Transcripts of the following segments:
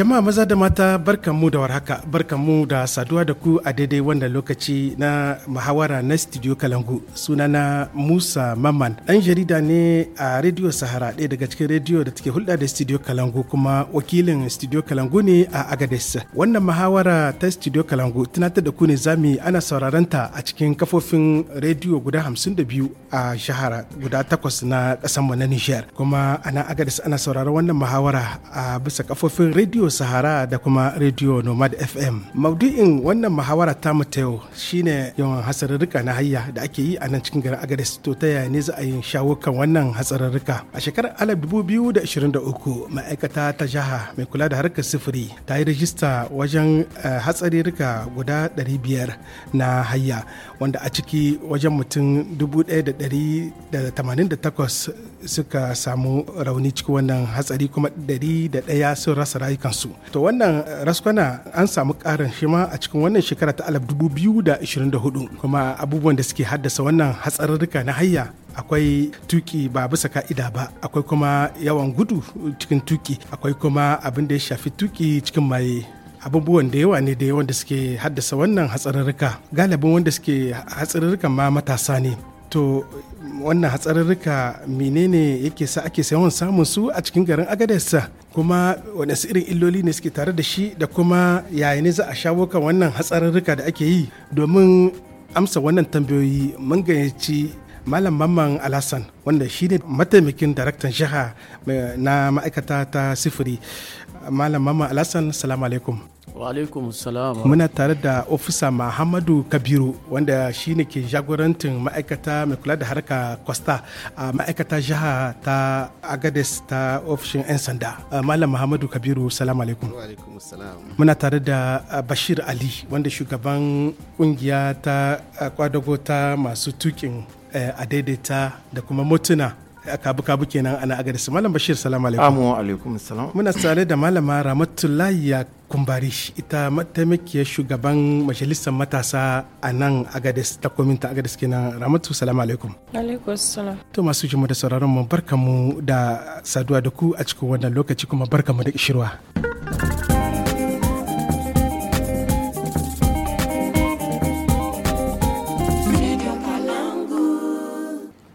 Jama'a maza da mata barkanmu da warhaka barkanmu da saduwa da ku a daidai wannan lokaci na muhawara na studio Kalangu sunana Musa Maman dan jarida ne a Radio Sahara ɗaya daga cikin rediyo da take hulɗa da studio Kalangu kuma wakilin studio Kalangu ne a Agades. Wannan muhawara ta studio Kalangu tunatar da ku ne zami ana sauraron ta a cikin kafofin rediyo guda hamsin da biyu a shahara guda takwas na ƙasarmu na Nijar kuma ana Agades ana sauraron wannan muhawara a bisa kafofin rediyo sahara da kuma radio nomad fm maudu'in wannan muhawara ta mu ta yau shine yawan hatsararruka na hayya da ake yi a nan cikin garin agadis to ta yaya ne za a yi shawo kan wannan hatsararruka a shekarar 2023 ma'aikata ta jiha mai kula da harkar sifiri ta yi rajista wajen eh, hatsarurruka guda 500 na hayya wanda a ciki wajen mutum 1,188 suka samu rauni cikin wannan hatsari kuma da 101 sun rasa rayukansu su to wannan eh, raskwana an samu karin shima a cikin wannan shekara ta 2024 kuma abubuwan da suke haddasa wannan hatsarurruka na hayya akwai tuki ba bisa ka'ida ba akwai kuma yawan gudu cikin tuki akwai kuma abin da ya shafi tuki cikin maye abubuwan da yawa ne da yawan da suke haddasa wannan hatsarurruka galibin wanda suke hatsarurrukan ma matasa ne to wannan hatsarurruka menene yake sa ake sayawan samun su a cikin garin agadez kuma wani irin illoli ne suke tare da shi da kuma yaya ne za a shawo kan wannan hatsarurruka da ake yi domin amsa wannan tambayoyi mun gayyaci malam mamman alhassan wanda shi ne mataimakin daraktan jiha eh, na ma'aikata ta sifiri malam mamman alhassan salamu alaikum muna tare da ofisa muhammadu kabiru wanda shine ke jagorantin ma'aikata mai kula da harka kwasta a ma'aikata jiha ta agades ta ofishin 'yan sanda malam muhammadu kabiru salamu alaikum muna tare da bashir ali wanda shugaban kungiya ta kwadago ta masu tukin eh, a daidaita da kuma motuna kabu kabu kenan ana agadis malam bashir salamu alaikum amu alaikum salam muna tsare da malama ramatullahi ya kumbari ita mataimakiyar shugaban majalisar matasa a nan agadis ta kominta agadis kenan ramatu salamu alaikum alaikum salam to masu jimu da sauraron mu barkamu da saduwa da ku a cikin wannan lokaci kuma barkamu da kishirwa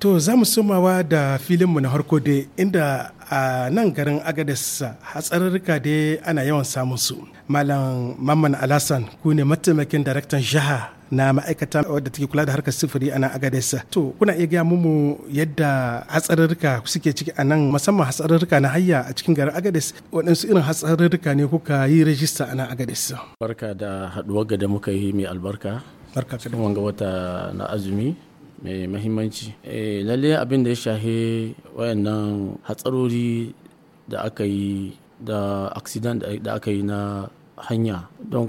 To za mu sumawa da filinmu na harko dai inda a nan garin agadas hatsararruka dai ana yawan samun su. Malam Mamman Alasan ku ne mataimakin daraktan jiha na ma'aikata wadda take kula da harkar sufuri a agadez to kuna iya gaya mu yadda hatsarurruka suke ciki a nan musamman hatsarurka na hayya a cikin garin agadez waɗansu irin hatsarurka ne kuka yi rajista a nan agadez barka da haɗuwar da muka yi mai albarka barka da wanga wata na azumi mai mahimmanci eh, lalle abin da ya shahe wayannan hatsarori da aka yi da accident da aka yi na hanya don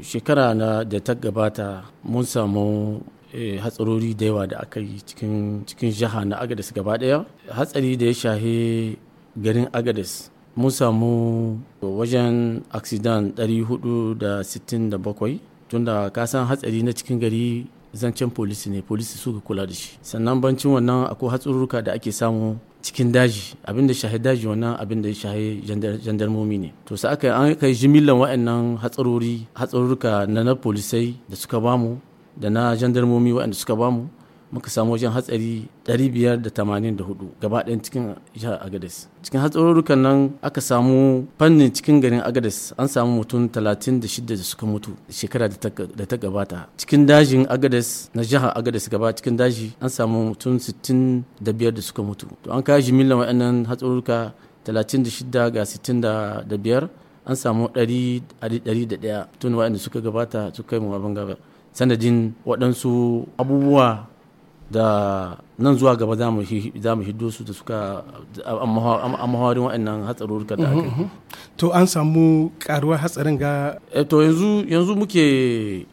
shekara na da ta gabata mun samu eh, hatsarori da yawa da aka yi cikin jiha na agadis gaba daya hatsari da ya shahe garin agadis mun samu wajen accident 467 tunda kasan hatsari na cikin gari zancen polisi ne polisi suka kula da shi sannan bancin wannan akwai hatsururruka da ake samu cikin daji abin da shahe daji wannan abin da shahe jandarmomi ne to sai aka an kai jimillan wa'annan hatsarori hatsarurruka na na polisai da suka bamu da na jandarmomi wa'anda suka bamu muka samu wajen hatsari 584 gaba ɗayan cikin jihar agades cikin hatsarurrukan nan aka samu fannin cikin garin agades an samu mutum 36 da suka mutu shekara da ta gabata cikin dajin agades na jihar agades gaba cikin daji an samu mutum 65 da suka mutu to an kawo jimillar wa'annan hatsarurruka 36 ga 65 an samu 101 tun wa'anda suka gabata suka yi mu abin gaba sanadin waɗansu abubuwa da nan zuwa gaba za mu hiddo su da suka amahawarin wa'annan hatsarurruka da aka To an samu karuwar hatsarin ga? Eh, to yanzu yanzu muke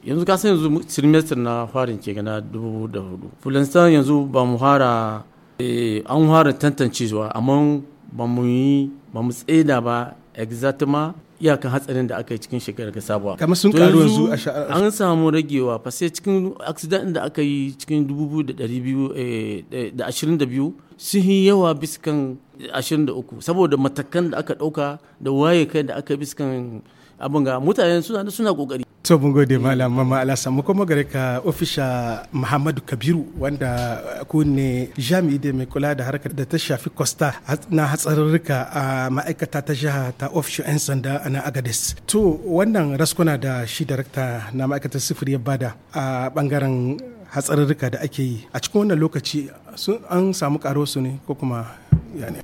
yanzu ka san yanzu trimester na farin ke gana 2004 da yanzu ba mu hara eh, an hara tantancewa amma ba mu yi ba mu tsaida ba exactement iyakan hatsarin da aka yi cikin shekarar ga sabuwa kamar sun karu yanzu an samu ragewa fa sai cikin accident da aka yi cikin 2022 eh, sun yi yawa biskan 23 saboda matakan da aka dauka da waye kai da aka biskan abin ga mutane suna suna kokari to mun gode malam mama alasan mu kuma gare ka ofisha muhammadu kabiru wanda ku ne jami'i da mai kula da harkar da ta shafi costa na hatsarurruka a ma'aikata ta jiha ta ofishin 'yan sanda a nan agades to wannan raskuna da shi darakta na ma'aikatar sifiri ya bada a bangaren hatsarurruka da ake yi a cikin wannan lokaci an samu karo su ne ko kuma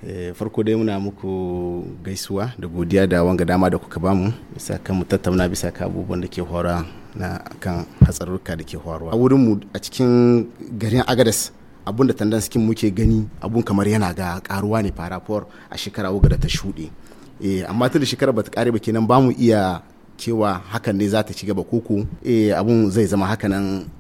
eh, farko dai muna muku gaisuwa da godiya da wanga dama da kuka bamu bisa kan tattauna bisa ka abubuwan da ke hora na kan hatsarurruka da ke horo. a wurinmu a cikin garin agadas abun da tandan sikin muke gani abun kamar yana ga karuwa ne farafor a shekara uku da ta shuɗe eh, amma tun da shekara ta kare ba kenan bamu iya cewa hakan ne za ta ci gaba koko eh, abun zai zama hakanan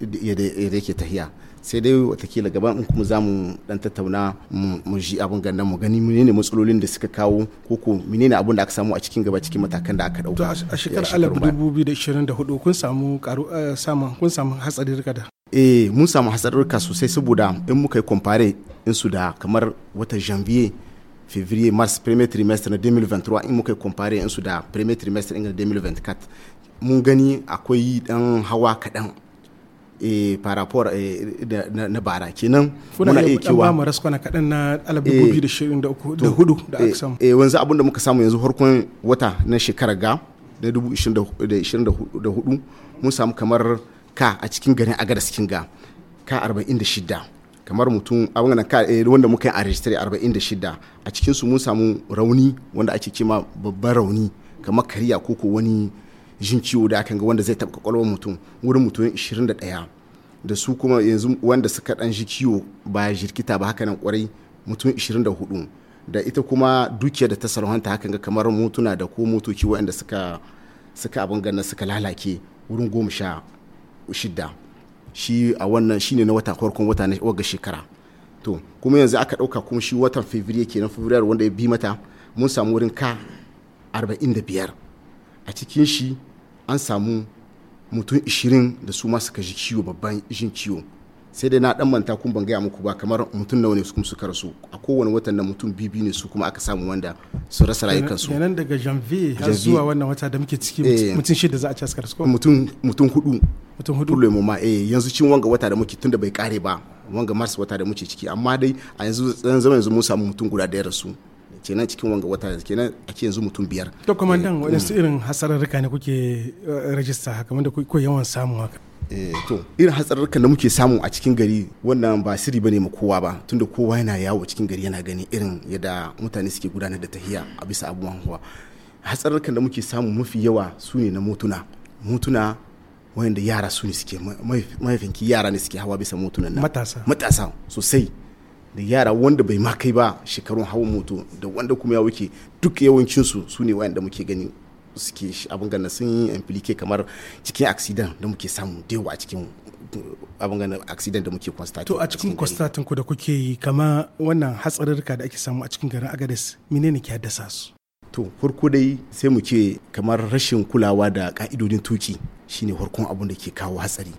yadda yake tahiya sai dai watakila gaban in kuma za mu dan tattauna mu ji abin gandan mu gani menene matsalolin da suka kawo ko ko menene abin da aka samu a cikin gaba cikin matakan da aka dauka a shekarar 2024 kun samu eh, samun kun samu hatsari da eh mun samu hatsarurruka sosai saboda in muka yi compare in su da kamar wata janvier février mars premier trimestre na 2023 in muka yi compare in su da premier trimestre na 2024 mun gani akwai dan hawa kaɗan e eh, parafor eh, na bara kenan muna iya kewa mu raskwana kadan na 2023 eh, da hudu da aka samu eh wanzu abin da muka samu yanzu harkon wata na shekarar ga na 2024 mun samu kamar ka a cikin garin agada cikin ga ka 46 kamar mutum a nan ka wanda muka yi a register 46 a cikin su mun samu rauni wanda ake cewa babban rauni kamar kariya koko wani jin ciwo da akan ga wanda zai taɓa kwakwalwar mutum wurin mutum 21 da su kuma yanzu wanda suka ɗan ji ciwo ba jirkita ba haka nan kwarai mutum 24 da ita kuma dukiyar da ta sarhanta hakan ga kamar motuna da ko motoci waɗanda suka suka abin ganna suka lalake wurin goma sha shidda shi a wannan shine na wata farkon wata na waga shekara to kuma yanzu aka ɗauka kuma shi watan fevrier kenan fevrier wanda ya bi mata mun samu wurin ka 45 a cikin shi an samu mutum 20 da su ma suka ji ciwo babban jin ciwo sai dai na dan manta kun ban gaya muku ba kamar mutum nawa ne su kuma suka rasu a kowane watan nan mutum bibi ne su kuma aka samu wanda su rasa rayukansu kenan daga janvier har zuwa wannan wata da muke ciki mutum eh. shida za a ci askar su mutum mutum hudu mutum hudu problem ma eh yanzu cin wanga wata da muke tunda bai kare ba wanga mars wata da muke ciki amma dai a yanzu zan zama yanzu mun samu mutum guda da ya rasu kenan cikin wanga wata kenan ake yanzu mutum biyar to kwamandan eh, waɗansu mm. irin hatsararruka ne kuke eh, rajista haka wanda ko yawan samu haka eh, to irin hatsararruka da muke samu a cikin gari wannan ba siri bane ma kowa ba tunda kowa yana yawo cikin gari yana gani irin yadda mutane suke gudanar da tahiya a bisa abubuwan kuwa hatsararruka da muke samu mafi yawa su ne na motuna motuna wayanda yara su ne suke mahaifinki yara ne suke hawa bisa motunan nan matasa matasa sosai da yara wanda bai ma kai ba shekarun hawan moto da wanda kuma ya wuce duk yawancinsu su ne wayan da muke gani suke abin gana sun yi implike kamar cikin accident da muke samu da yawa a cikin abin gana accident da muke constating to a cikin constating ku da kuke yi kama wannan hatsarurruka da ake samu a cikin garin mine menene ke haddasa su to farko dai sai mu ce kamar rashin kulawa da ka'idodin tuki shine farkon abun da ke kawo hatsari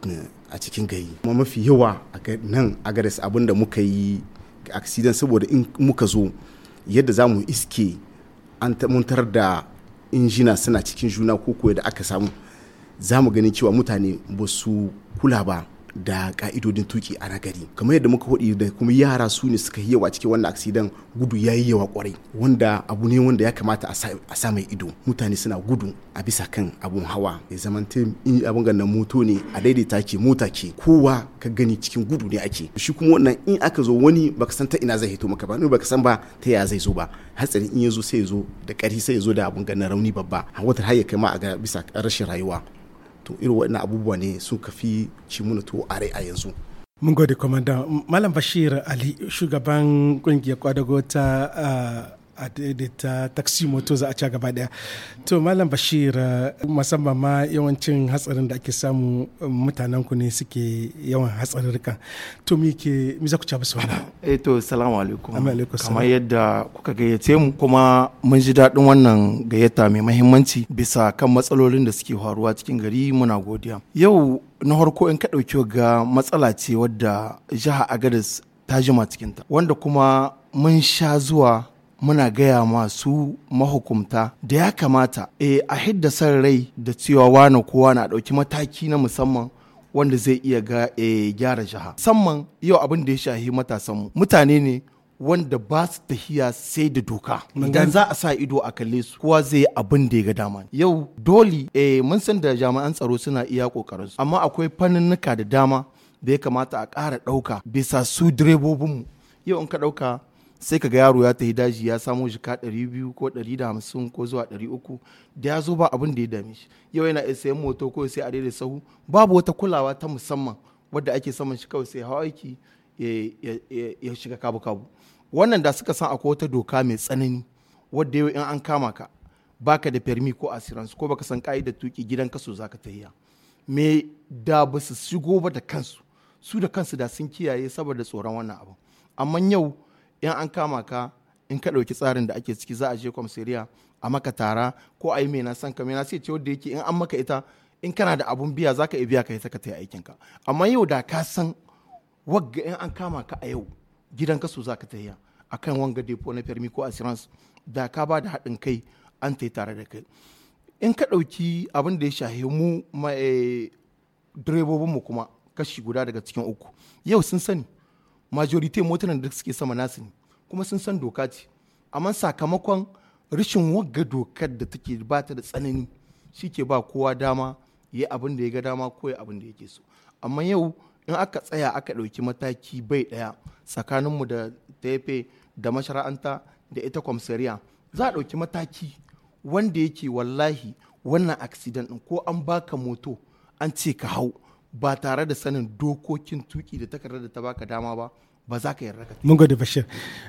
a cikin gari kuma mafi yawa a nan agares abin da muka yi accident saboda in muka zo yadda za mu iske an muntar da injina suna cikin juna ko koya da aka samu za mu ganin cewa mutane ba su kula ba da ka'idodin tuki a nagari kamar yadda muka hudu da kuma yara su ne suka yawa cikin wannan aksidan gudu ya yi yawa kwarai wanda abu ne wanda ya kamata a sa mai ido mutane suna gudu a bisa kan abun hawa ya zamanta in abun gannan moto ne a daidaita ke mota ke kowa ka gani cikin gudu ne ake shi kuma wannan in aka zo wani baka san ta ina zai hito maka ba ni baka san ba ta ya zai zo ba hatsari in ya zo sai ya zo da ƙari sai ya zo da abun gannan rauni babba a wata har ya kai ma a ga bisa rashin rayuwa to irin waɗannan abubuwa ne sun kafi ci muna to a rai a yanzu mun gode kwamandan malam bashir ali shugaban kungiyar kwadago ta ah, a daidaita taksi moto za a ci gaba daya to malam bashir eh, musamman ma yawancin hatsarin da ake samu eh, mutanen ku ne suke yawan hatsarurrukan to mi ke mi za ku ci basu wala eh to assalamu alaikum kamar yadda kuka gayyace mu kuma mun ji daɗin wannan gayyata mai muhimmanci bisa kan matsalolin da suke faruwa cikin gari muna godiya yau na harko in ka ɗauki ga matsala ce wadda jiha agadis ta jima cikinta wanda kuma mun sha zuwa muna gaya masu mahukumta da ya kamata e, a hidda san rai da cewa wani kowa na ɗauki mataki na musamman wanda zai iya ga, e, gyara jiha musamman yau abin da ya shahi matasanmu mutane ne wanda ba su tahiya sai da doka idan za a sa ido a kalle su kowa zai yi abin da ya ga dama yau dole e mun san da jami'an tsaro suna iya kokarin amma akwai fanninnika da dama da ya kamata a ƙara ɗauka bisa su direbobinmu yau in ka ɗauka sai ka ga yaro ya tafi daji ya samo jika biyu ko 150 ko zuwa 300 da ya zo ba abin da ya dame shi yau yana iya sayan moto ko sai a daidai sahu babu wata kulawa ta musamman wadda ake saman shi kawai sai hawa aiki ya shiga kabu kabu wannan da suka san akwai wata doka mai tsanani wadda yau in an kama ka baka da permi ko assurance ko baka san ka'ida tuki gidan kaso zaka tahiya me da ba su shigo ba da kansu su da kansu da sun kiyaye saboda tsoron wannan abu amma yau in an kama ka in ka ɗauki tsarin da ake ciki za a je kwamsiriya a maka tara ko a yi mai san ka mena sai ce wadda yake in an maka ita in kana da abun biya za ka iya biya ka ita ka ta aikin ka amma yau da ka san wagga in an kama ka a yau gidan so za ka ta yi a kan wanga depo na fermi ko assurance da ka ba da haɗin kai an ta yi tare da kai in ka ɗauki abin da ya shahe mu eh, direbobinmu kuma kashi guda daga cikin uku yau sun sani majority motunan da suke sama nasu ne kuma sun san doka ce amma sakamakon rashin wagga dokar da take ba ta da tsanani shi ke ba kowa dama ya abin da ya ga dama ko ya abin da yake so amma yau in aka tsaya aka ɗauki mataki bai ɗaya tsakaninmu da tefe da mashara'anta da ita kwamsariya za a ɗauki mataki wanda yake wallahi wannan accident ɗin ko an baka moto an ce ka hau ba tare da sanin dokokin tuki da takardar da ta baka dama ba ba za ka yarda ka mun gode bashir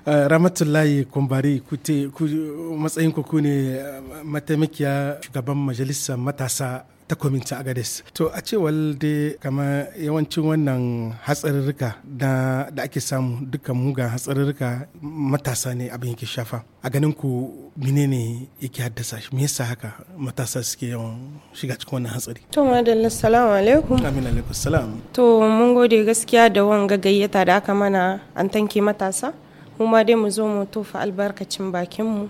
uh, ramatullahi kumbari kute matsayin ku ne uh, mataimakiya shugaban majalisar matasa ta kwaminci agades to a cewar dai kama yawancin wannan hatsarurruka da ake samu duka mugan hatsarurruka matasa ne abin yake shafa a ganin ku menene yake haddasa shi me yasa haka matasa suke yawan shiga cikin wannan hatsari to madalla assalamu alaikum amin alaikum salam to mun gode gaskiya da wanga gayyata da aka mana an tanke matasa mu ma dai mu zo mu tofa albarkacin bakin mu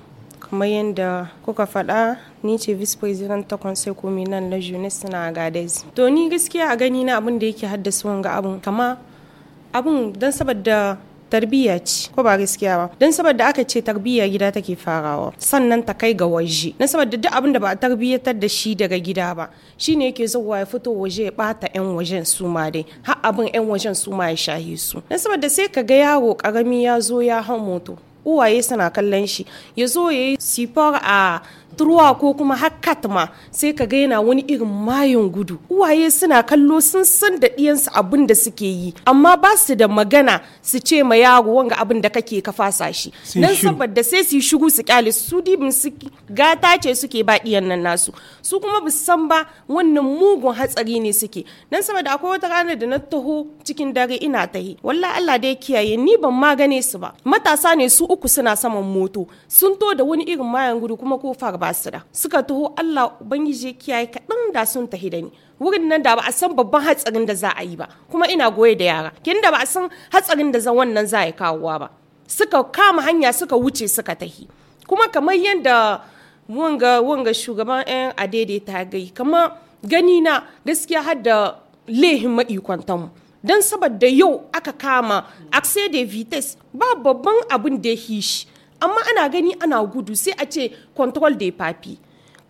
kamar yadda kuka faɗa ni ce vice president ta conseil communal na jeunesse na agadez to ni gaskiya a gani na abin da yake haddasa wanga abin kama abin don saboda tarbiyya ce ko ba gaskiya ba don saboda aka ce tarbiyya gida take farawa sannan ta kai ga waje don saboda duk abin da ba a tarbiyyatar da shi daga gida ba shine yake zuwa ya fito waje ya bata yan wajen su ma dai har abin yan wajen su ma ya shahi su don saboda sai ka ga yaro karami ya zo ya hau moto uwaye suna kallon shi ya zo ya yi sifar a turuwa ko kuma hakkat ma sai ka ga yana wani irin mayon gudu uwaye suna kallo sun san da ɗiyansu abin da suke yi amma ba su da magana su ce ma yaro wanga abin da kake ka fasa shi nan saboda sai su yi shigu su kyale su dibin su gata ce suke ba ɗiyan nan nasu su kuma bu san ba wannan mugun hatsari ne suke nan saboda akwai wata rana da na taho cikin dare ina tahi wallahi Allah da ya kiyaye ni ban ma gane su ba matasa ne su uku suna saman moto sun to da wani irin mayan gudu kuma ko fara da suka taho Allah ubangiji kiyaye kaɗan da sun tahi da ni wurin nan da ba a san babban hatsarin da za a yi ba kuma ina goye da yara kin da ba a san hatsarin da wannan za a yi kawowa ba suka kama hanya suka wuce suka tahi kuma kamar yadda wanga wanga shugaban yan adede ta gai kama gani na gaskiya har da lehin maikwantan don saboda yau aka kama accès de vitesse ba babban abin da ya hishi. amma ana gani ana gudu sai a ce control de papi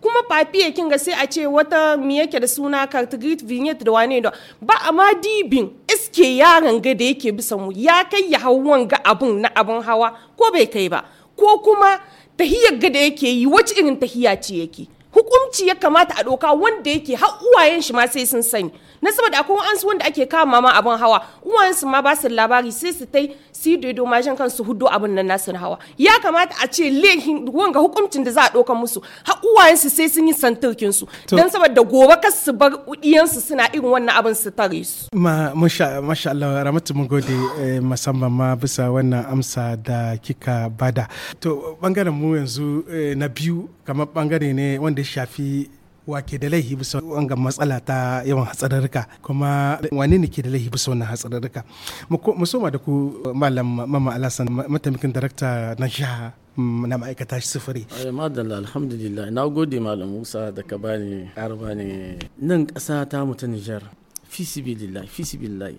kuma papi ya kinga sai a ce wata mi yake da suna cartograph vignette da wane da ba amma dibin iske yaron ga da yake bisa mu ya kai ya hau wanga abun na abin hawa ko bai kai ba ko kuma tahiyar ga da yake yi wacce irin tahiya ce yake hukunci ya kamata a doka wanda yake har uwayen shi ma sai sun sani na saboda akwai wa'ansu wanda ake kama mama abin hawa uwayen su ma ba su labari sai su tai su daidai majin kansu hudu abin nan nasu hawa ya kamata a ce lehin wanga hukuncin da za a doka musu har uwayen su sai sun yi santurkin su dan saboda gobe kas su bar udiyan su suna irin wannan abin su tare su ma masha Allah ramatu mun gode eh, musamman ma bisa wannan amsa da kika bada to bangaren mu yanzu eh, na biyu kamar bangare ne wanda da shafi wake da laihi bisa wanga matsala ta yawan hatsararka kuma wani ne ke da laihi bisa wannan hatsararka mu soma da ku malam mama alasan mataimakin darakta na sha mm, na ma'aikata sufuri eh, madalla alhamdulillah na gode malam musa da ka bani arba ne nan ƙasa ta mutu nijar fisibilillah fisibillah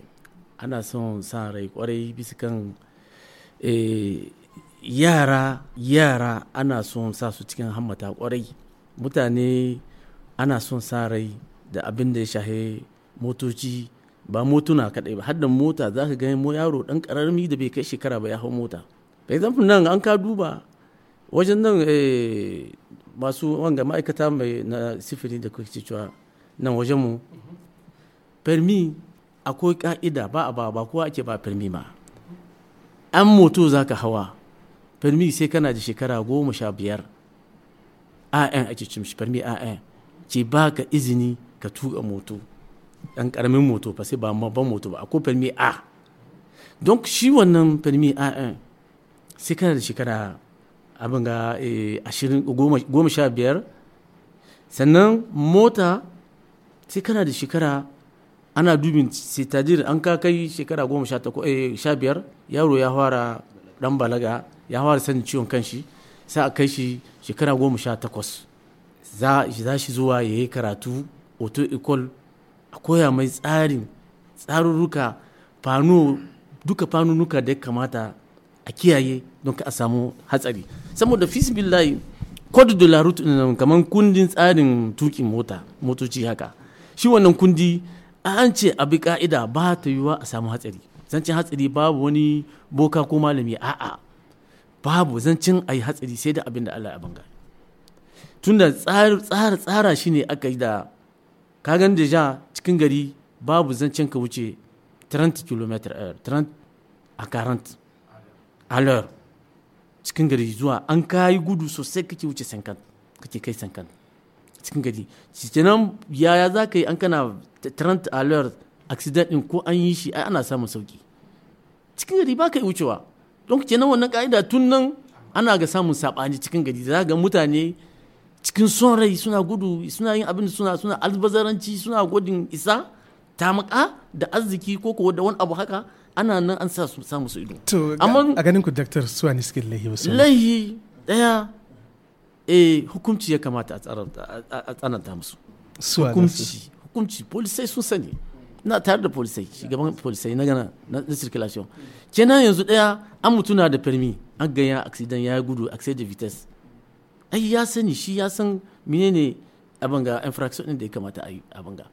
ana son sa rai kwarai bisa kan eh, yara yara ana son sa su cikin hammata kwarai mutane ana son sa rai da abin da ya shahe motoci ba motuna kaɗai ba haddan mota za ka gani mo yaro ɗan ƙararmi da bai kai shekara ba ya hau mota for example nan an ka duba wajen nan eh, masu wanga ma'aikata mai na sifili da kuke cewa nan wajen mu permi akwai ka'ida ba a ba ba kowa ake ba permi ma an moto za ka hawa permi sai kana da shekara goma sha biyar an ake cin shi farmi an ce ba ka izini ka tuka moto ɗan ƙaramin moto fa sai ba babban moto ba ko farmi a don shi wannan farmi an sai kana da shekara abin ga eh, ashirin goma sha biyar sannan mota sai kana da shekara ana dubin sitadir an ka kai shekara goma sha eh, biyar yaro ya fara dan balaga ya fara sanin ciwon kanshi sai a kai shi shekara goma sha takwas za shi zuwa ya yi karatu auto ecole a koya mai tsarin tsarurruka fano duka fanunuka da ya kamata a kiyaye don ka a samu hatsari saboda fisibillahi code da la na eh, kamar kundin tsarin tukin mota motoci haka shi wannan kundi an ce abi ka'ida ba ta yiwa a samu hatsari zancen hatsari babu wani boka ko malami a'a babu zancin a yi hatsari sai da abin da Allah ya banga tunda tsara tsara shine aka yi da kagan da ja cikin gari babu zancen ka wuce 30 km eh, a karant alor cikin gari zuwa an kayi gudu sosai kake wuce sankan kake kai sankan cikin gari nan yaya za ka yi an kana 30 alor accident din ko an yi shi ana samun sauki cikin gari ba ka yi wucewa don kenan wannan ka'ida tun nan ana ga samun saɓani cikin gari za ga mutane cikin son rai suna gudu suna yin abin suna suna albazaranci suna gudun isa tamaka da arziki ko kuwa da wani abu haka ana nan an sa su samu su ido amma a ganin ku doctor suwa ne suke lahi wasu lahi daya eh hukunci ya kamata a tsananta musu hukunci hukunci polisai sun sani na tare da polisai shugaban polisai na gana na circulation kenan yanzu daya an mutuna da permi an ganya accident ya gudu accident de vitesse ai ya sani shi ya san menene abin ga infraction din da ya kamata a yi abin ga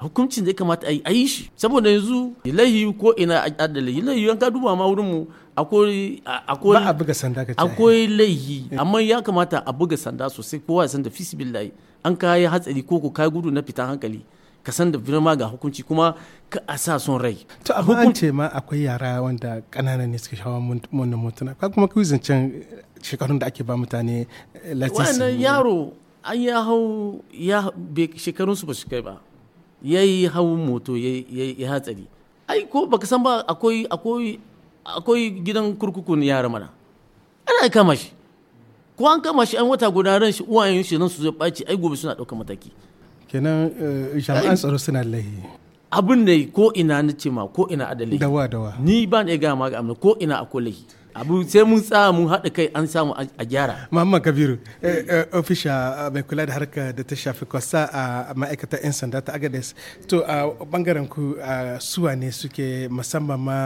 hukuncin da ya kamata a yi a yi shi saboda yanzu lahi ko ina adala lahi an ka duba ma wurin mu akwai akwai buga sanda ka akwai lahi eh. amma ya kamata a buga sanda sosai kowa ya san da fisibillahi an ka yi hatsari ko ko kai gudu na fitan hankali ka san da firma ga hukunci kuma ka a sa son rai to amma an ce ma akwai yara wanda kanana ne suka shawa wannan motuna ka kuma ku zancen shekarun da ake ba mutane eh, latisi wannan yaro an ya hau ya su ba su kai ba ya yi hau moto ya hatsari ai ko baka san ba akwai akwai akwai gidan kurkukun yara mana ana kama shi ko an kama shi an wata guda ran shi uwayen shi nan su zai ɓaci ai gobe suna ɗaukar mataki kenan eh, jami'an tsaro suna lahi abin da ko ina na ce ma ko ina adalai dawa dawa ni ba na iya gama ga amna ko ina akwai lahi abu sai mun tsaya mun haɗa kai an samu a gyara muhammad kabiru eh, eh, ofisha eh, mai kula da harka da ta shafi kwasa a ma'aikatar 'yan sanda ta agades to a bangaren ku suwa ne suke musamman ma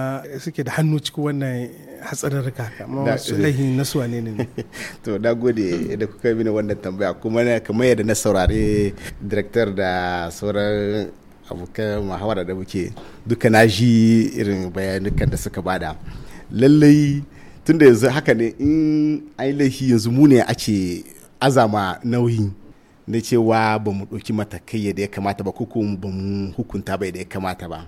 suke da hannu cikin wannan hatsararruka masu laihi na suwa ne ne to da gode da kuka mini wannan tambaya kuma kamar yadda na saurari director da sauran abokan muhawara da muke duka na ji irin bayanukan da suka bada lallai tun da yanzu haka ne in ainihi yanzu mu ne a ce azama nauyi na cewa ba mu ɗauki matakai yadda ya kamata ba ko ba mu hukunta ba yadda ya kamata ba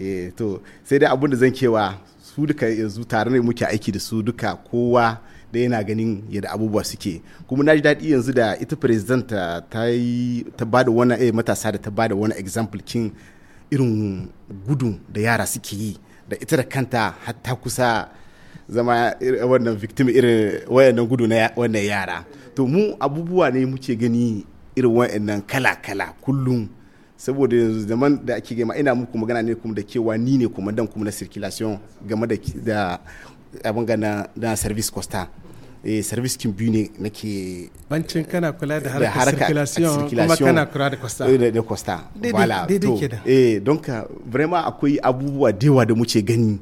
eh, to sai dai abin da zan cewa su duka yanzu tare ne muke aiki da su duka kowa da yana ganin yadda abubuwa suke kuma na ji daɗi yanzu da ita president ta yi ta ba da wani eh, matasa da ta ba da wani example kin irin gudun da yara suke yi da ita da kanta har ta kusa zama wannan victim irin wayannan gudu na wannan yara to mu abubuwa ne muke gani irin wayannan kala-kala kullum saboda yanzu zaman da ake gama ina muku magana ne kuma da cewa ni ne kuma dan kuma na circulation game da abin gana da service costa eh, service kin biyu ne nake bancin kana kula da harkar circulation kuma kana kula da costa eh da costa wala to eh donc vraiment akwai abubuwa dewa da muke gani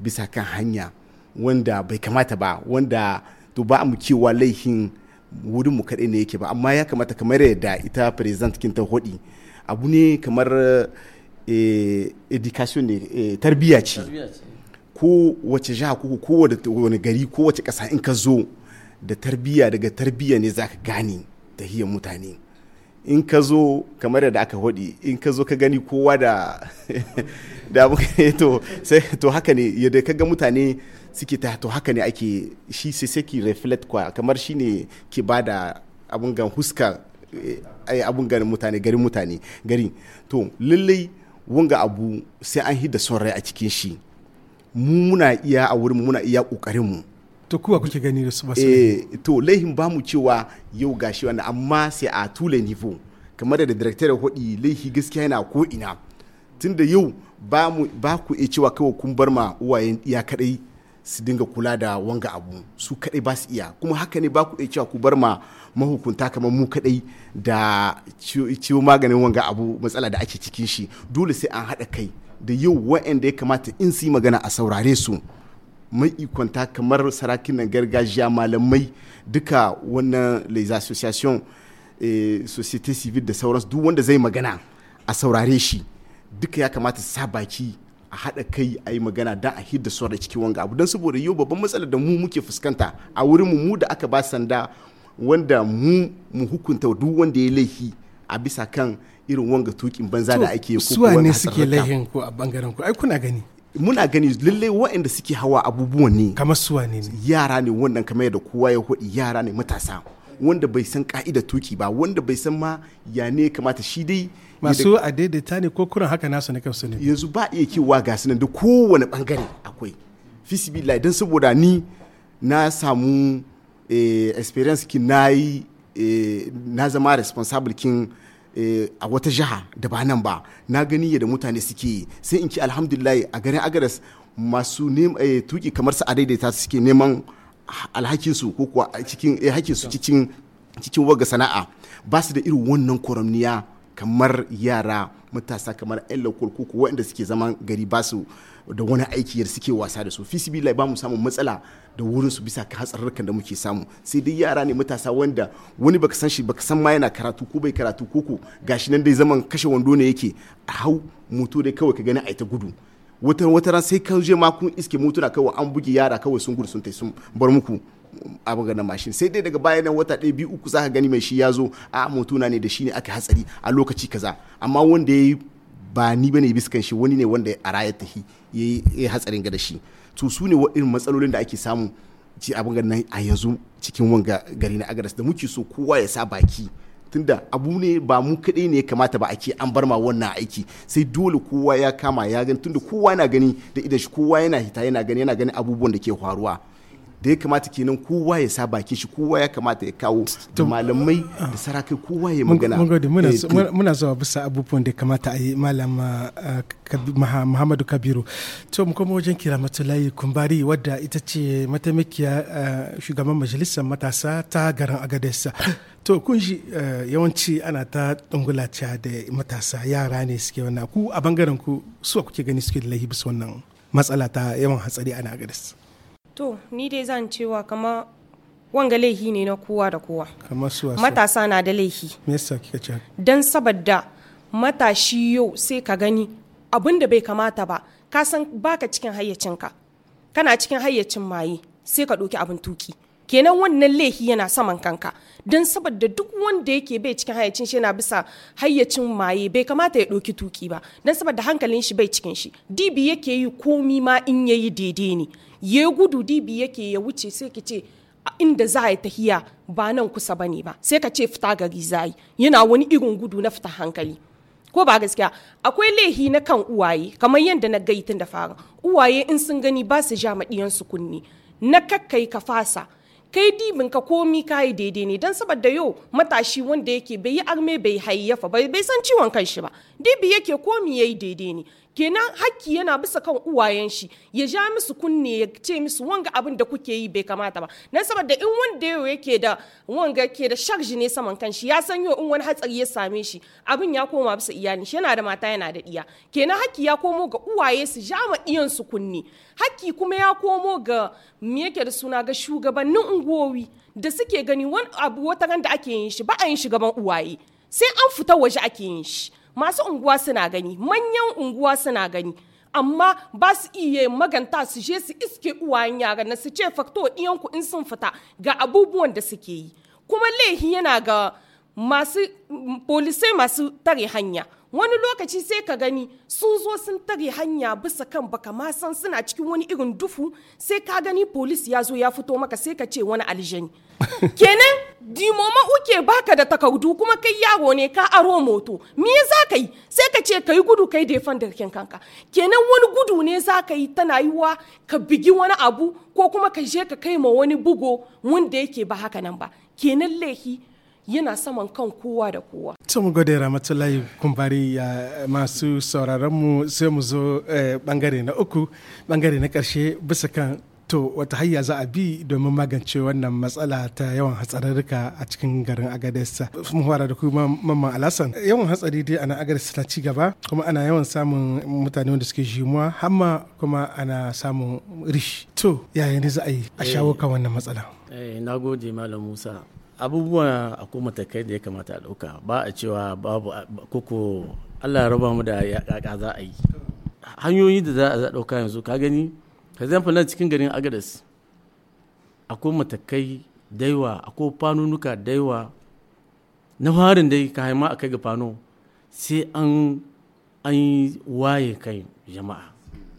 bisa kan hanya wanda bai kamata ba wanda to ba mu cewa laifin wurin mu kaɗai ne yake ba amma ya kamata kamar yadda ita president kin ta hodi abu ne kamar eh, education ne eh, tarbiyya ce ko wace jiha ko ko wani gari ko wace ƙasa in ka zo da tarbiyya daga tarbiyya ne zaka gane hiyar mutane in ka zo kamar da aka hodi in ka zo ka gani kowa da da to sai to haka ne yadda ka ga mutane suke ta to haka ne ake shi sai sai ki reflect kwa kamar shi ne ke ba da abun gan huska eh, abun gan mutane garin mutane gari to lallai wanga abu sai an hida son rai a cikin shi mu muna iya a wurin muna iya kokarin mu to kuwa kuke gani da su basu eh to laihin ba mu cewa yau gashi wannan amma sai a tule nivo kamar da director hodi laihi gaskiya yana ko ina tunda yau ba ku iya cewa kawai kun bar ma uwayen iya kadai su dinga kula da wanga abu su kadai ba su iya kuma haka ne ba ku iya cewa ku bar ma mahukunta kamar mu kadai da ciwo maganin wanga abu matsala da ake cikin shi dole sai an haɗa kai da yau wa'anda ya kamata in su yi magana a saurare su ikonta kamar nan gargajiya malamai duka wannan les association eh, société civile da sauransu duk wanda zai magana a saurare shi duka ya kamata su sa baki a haɗa kai a yi magana don a hidda sauran cikin wanga abu don saboda yau babban matsalar da mu muke fuskanta a wurin mu mu da aka ba sanda wanda mu mu hukunta duk wanda ya laifi a bisa kan irin wanga tukin banza da ake ko kuwa ne suke laifin ko a bangaren ku ai kuna gani muna gani lalle waɗanda suke hawa abubuwan ne kamar suwa ne yara ne wannan kamar yadda kowa ya hudi yara ne matasa wanda bai san ka'ida tuki ba wanda bai san ma ya ne kamata shi dai masu a daidaita ne ko kuran haka nasu na kansu ne yanzu ba iya kiwa ga sunan da kowane bangare akwai fisibilai don saboda ni na samu eh, experience ki na yi eh, na zama responsible kin eh, a wata jiha da ba nan ba na gani yadda mutane suke sai in ki alhamdulillah a garin agaras masu tuki kamar su a daidaita suke neman alhakinsu ko kuwa cikin hakinsu cikin cikin sana'a ba su da irin wannan koramniya kamar yara matasa kamar yan lokal koko waɗanda suke zaman gari ba su da wani aiki yar suke wasa da su lai ba mu samun matsala da wurin su bisa ka hatsarurrukan da muke samu sai dai yara ne matasa wanda wani baka san shi baka san ma yana karatu ko bai karatu koko gashi nan dai zaman kashe wando ne yake a hau moto dai kawai ka gani a ta gudu wata wata ran sai ka je ma kun iske motuna kawai an buge yara kawai sun gudu sun tai sun bar muku abu ga na mashin sai dai daga bayan nan wata ɗaya biyu uku zaka gani mai shi ya zo a motuna ne da shi ne aka hatsari a lokaci kaza amma wanda ya yi ba ni bane biskan shi wani ne wanda a rayar tahi ya yi hatsarin ga da shi to su ne waɗin matsalolin da ake samu ci abin nan a yanzu cikin wanga gari na agadas da muke so kowa ya sa baki tunda abu ne ba mu kaɗai ne kamata ba ake an bar ma wannan aiki sai dole kowa ya kama ya gani tunda kowa yana gani da idan shi kowa yana hita yana gani yana gani abubuwan da ke faruwa da ya kamata kenan kowa ya sa baki shi kowa ya kamata ya kawo da malamai ah. da sarakai kowa ya magana mun gode eh, muna zuwa bisa abubuwan da kamata a yi malama ah, muhammadu kabiru to mu kuma wajen kira matulayi kumbari wadda ita ce mataimakiya ah, shugaban majalisar matasa ta garin agadesa to kun shi yawanci ana ta dungulaciya da matasa yara ne suke wannan ku a bangaren ku suwa kuke gani suke da lahi bisa wannan matsala ta yawan hatsari ana agadesa to ni dai zan cewa kama wanga laihi ne na kowa da kowa matasa na da laihi don saboda matashi yau sai ka gani abin da bai kamata ba ka san baka cikin hayyacinka kana cikin hayyacin maye sai ka ɗauki abin tuki kenan wannan laihi yana saman kanka don saboda duk wanda yake bai cikin hayacin shi yana bisa hayacin maye bai kamata ya ɗauki tuki ba don saboda hankalin shi bai cikin shi dibi yake yi komi ma in yayi daidai ne ya gudu dibi yake ya wuce sai kace ce inda za a yi tahiya ba nan kusa ba ne ba sai ka ce fita gari za yi yana wani irin gudu na fita hankali ko ba gaskiya akwai laihi na kan uwaye kamar yadda na gaitin da fara uwaye in sun gani ba su ja maɗiyansu kunne na kakkai ka fasa kai dibin ka komi kayi daidai ne dan saboda yau matashi wanda yake bai yi arme bai hayyafa bai san ciwon kanshi ba dibi yake komi yayi daidai ne kenan hakki yana bisa kan uwayen shi ya ja musu kunne ya ce musu wanga abin da kuke yi bai kamata ba na saboda in wanda yau yake da wanga ke da sharji ne saman kan shi ya san yau in wani hatsari ya same shi abin ya koma bisa iyalin shi yana da mata yana da iya kenan hakki ya komo ga uwaye su ja ma iyan su kunne hakki kuma ya komo ga me yake da suna ga shugabannin unguwowi da suke gani wani abu wata da ake yin shi ba a yin shi gaban uwaye sai an fita waje ake yin shi masu unguwa suna gani manyan unguwa suna gani amma ba su iya maganta su je su iske uwayen yara na su ce fakto iyanku in sun fita ga abubuwan da suke yi kuma laihi yana ga masu polisai masu tare hanya wani lokaci sai ka gani sun zo sun tare hanya bisa kan baka ma san suna cikin wani irin dufu sai ka gani polis ya zo ya fito maka sai ka ce wani aljani kenan dimoma uke baka da takardu kuma kai yaro ne ka aro moto me za ka yi sai ka ce ka yi gudu kai fan darkin kanka kenan wani gudu ne za ka yi tana yiwa ka bigi wani abu ko kuma ka je ka kai ma wani bugo wanda yake ba haka nan ba kenan laifi yana saman kan kowa da kowa. To mu gode Ramatullahi Kumbari masu sauraronmu sai mu zo eh, bangare na uku bangare na ƙarshe bisa kan to wata hanya za a bi domin magance wannan matsala ta yawan hatsararruka a cikin garin agadez mu fara da kuma mamman alasan yawan hatsari dai ana agadez na cigaba. kuma ana yawan samun mutane wanda suke jimuwa hamma kuma ana samun rishi to yayin da za a yi a shawo kan wannan matsala eh, na gode malam musa abubuwa akwai matakai da ya kamata a ɗauka ba a cewa babu koko allah raba mu da ka za a yi hanyoyi da za a ɗauka yanzu ka gani ka zan nan cikin garin agadas akwai matakai daiwa akwai fanunuka daiwa na farin dai ka haima a kai ga fano sai an an waye kai jama'a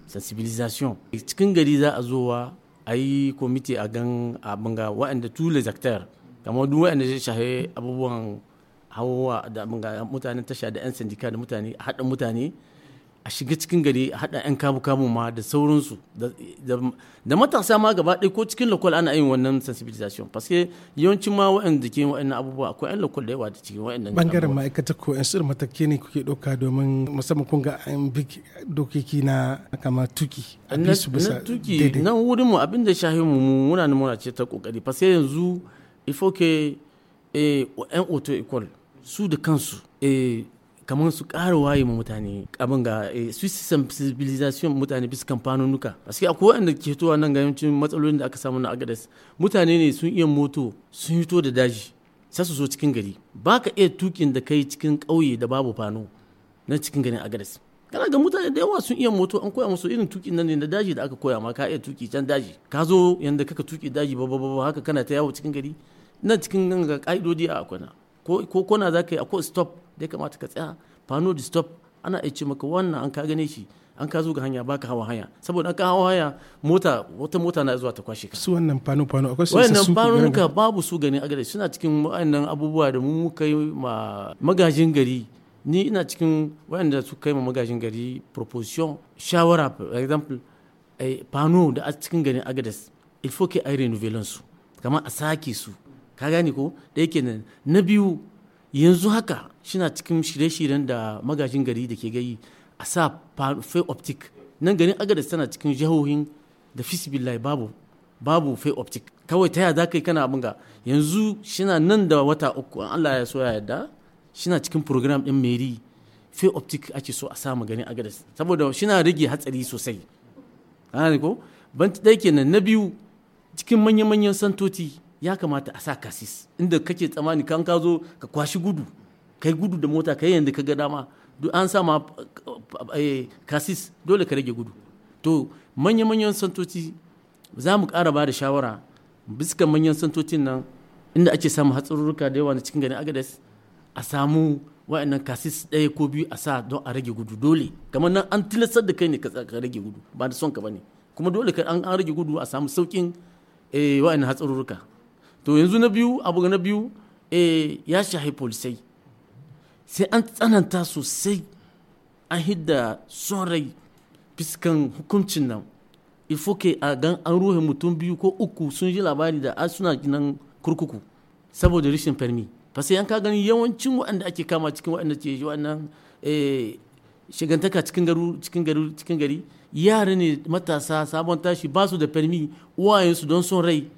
sensibilisation cikin gari za a zowa a yi komite a gan abin ga waɗanda tule zaktar kamar duk wanda zai shahe abubuwan hawa da mutane tasha da 'yan sandika da mutane a haɗa mutane a shiga cikin gari a haɗa 'yan kabu kamun ma da sauransu da matasa ma gaba ɗaya ko cikin lokal ana yin wannan sensibilization paske yawancin ma wa'yan da ke wa'yan abubuwa akwai 'yan lokal da yawa da cikin wa'yan nan bangaren ma'aikata ko 'yan sirri matake ne kuke ɗauka domin musamman kun ga an bi dokoki na kama tuki a bisa daidai na wurin mu abin da shahimu mu muna muna ce ta kokari paske yanzu il faut que eh, yan auto école su da kansu eh, kamar su ƙara waye ma mutane abin ga eh, su sensibilisation mutane bisa kamfanonuka paske akwai wanda ke towa nan ga yawancin matsalolin da aka samu na agadas mutane ne sun iya moto sun to da daji sai su zo cikin gari ba ka iya tukin da kai cikin ƙauye da babu fano na cikin garin agadas kana ga mutane da yawa sun iya moto an koya musu irin tukin nan ne na daji da aka koya ma ka iya tuki can daji ka zo yanda kaka tuki daji ba ba ba haka kana ta yawo cikin gari nan cikin ganga ƙa'idodi a kwana ko kona za ka yi akwai stop da ya kamata ka tsaya fano da stop ana iya ce maka wannan an ka gane shi an ka zo ga hanya baka hawa haya saboda an ka hawa haya mota wata mota na zuwa ta kwashe ka su wannan fano fano akwai su wannan fano ka babu su a agare suna cikin wayannan abubuwa da mu kai ma magajin gari ni ina cikin wayanda su kai ma magajin gari proposition shawara for example fano eh, da a cikin garin agades il faut que ai renouvelant su kamar a sake su ka gani ko da yake nan na biyu yanzu haka shina cikin shirye-shiryen da magajin gari da ke gayi a sa fai optic nan garin agadis tana cikin jihohin da fisibilai babu babu fai optic kawai ta yaya za kana abin ga yanzu shina nan da wata uku an allah ya so ya yarda shina cikin program din meri fai optic ake so a samu garin agadis saboda shina rage hatsari sosai ko ban ɗaya na biyu cikin manya-manyan santoti ya kamata a sa kasis inda kake tsammani kan ka zo ka kwashi gudu kai gudu da mota kai yanda ka ga dama duk an sa ma eh, kasis dole ka rage gudu to manya-manyan santoci za mu ƙara ba da shawara bisa manyan santocin nan inda ake samu hatsarurruka da yawa na cikin gani agades a samu wa'annan kasis ɗaya ko biyu a sa don a rage gudu dole kamar nan an tilastar da kai ne ka rage gudu ba da son ka bane kuma dole ka an rage gudu a samu sauƙin eh, wa'annan hatsarurruka to yanzu na biyu abu na biyu e ya shahi polisai sai an tsananta sosai an hidda son rai fiskan hukuncin nan ifoke a gan an ruhe mutum biyu ko uku sun ji labari da a suna nan kurkuku saboda rashin farmi fasai an ka gani yawancin waɗanda ake kama cikin waɗanda ke yi waɗannan eh, shigantaka cikin garu cikin garu cikin gari yara ne matasa sabon tashi ba su da farmi uwayensu don son rai